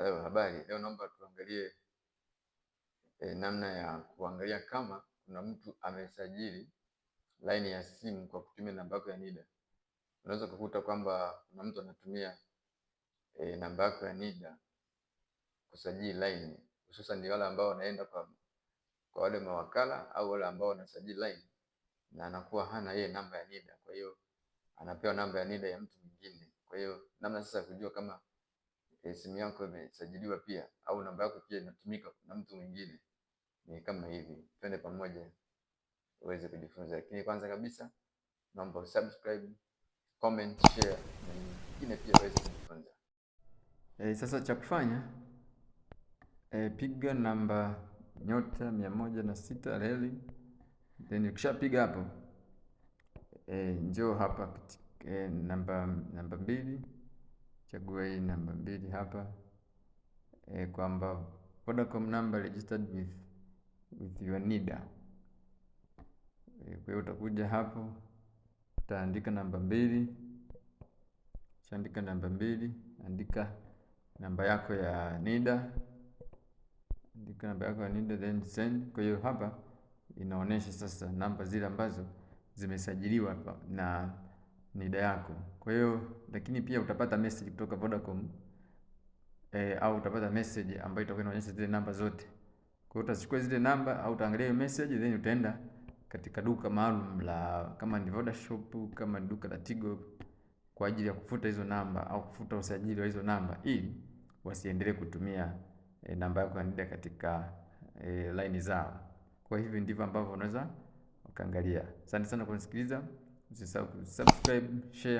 Hello, habari. Leo naomba tuangalie e, namna ya kuangalia kama kuna mtu amesajili laini ya simu kwa kutumia namba yako ya NIDA. Unaweza kukuta kwamba kuna mtu anatumia e, namba yako ya NIDA kusajili laini, hususan ni wale ambao wanaenda kwa, kwa wale mawakala au wale ambao wanasajili laini na anakuwa hana yeye namba ya NIDA, kwa hiyo anapewa namba ya NIDA ya mtu mwingine. Kwa hiyo namna sasa kujua kama e, simu yako imesajiliwa pia au namba yako pia inatumika na mtu mwingine. Ni kama hivi, twende pamoja uweze kujifunza. Lakini kwanza kabisa naomba subscribe, comment, share na nyingine pia uweze kujifunza. E, sasa cha kufanya e, piga namba nyota mia moja na sita reli, then ukishapiga hapo e, njoo hapa e, namba namba mbili Chagua hii namba mbili hapa e, kwamba Vodacom number registered with, with your NIDA e, kwa hiyo utakuja hapo utaandika namba mbili, ushaandika namba mbili, andika namba yako ya NIDA, andika namba yako ya NIDA then send. Kwa hiyo hapa inaonyesha sasa namba zile ambazo zimesajiliwa na NIDA yako. Kwa hiyo lakini pia utapata message kutoka Vodacom e, au utapata message ambayo itakuwa inaonyesha zile namba zote. Kwa hiyo utachukua zile namba au utaangalia hiyo message then utaenda katika duka maalum la kama ni Voda Shop, kama ni duka la Tigo kwa ajili ya kufuta hizo namba au kufuta usajili wa hizo namba ili wasiendelee kutumia e, namba yako ya NIDA katika e, eh, line zao. Kwa hivyo ndivyo ambavyo unaweza ukaangalia. Asante sana kwa kunisikiliza. the subscribe, share.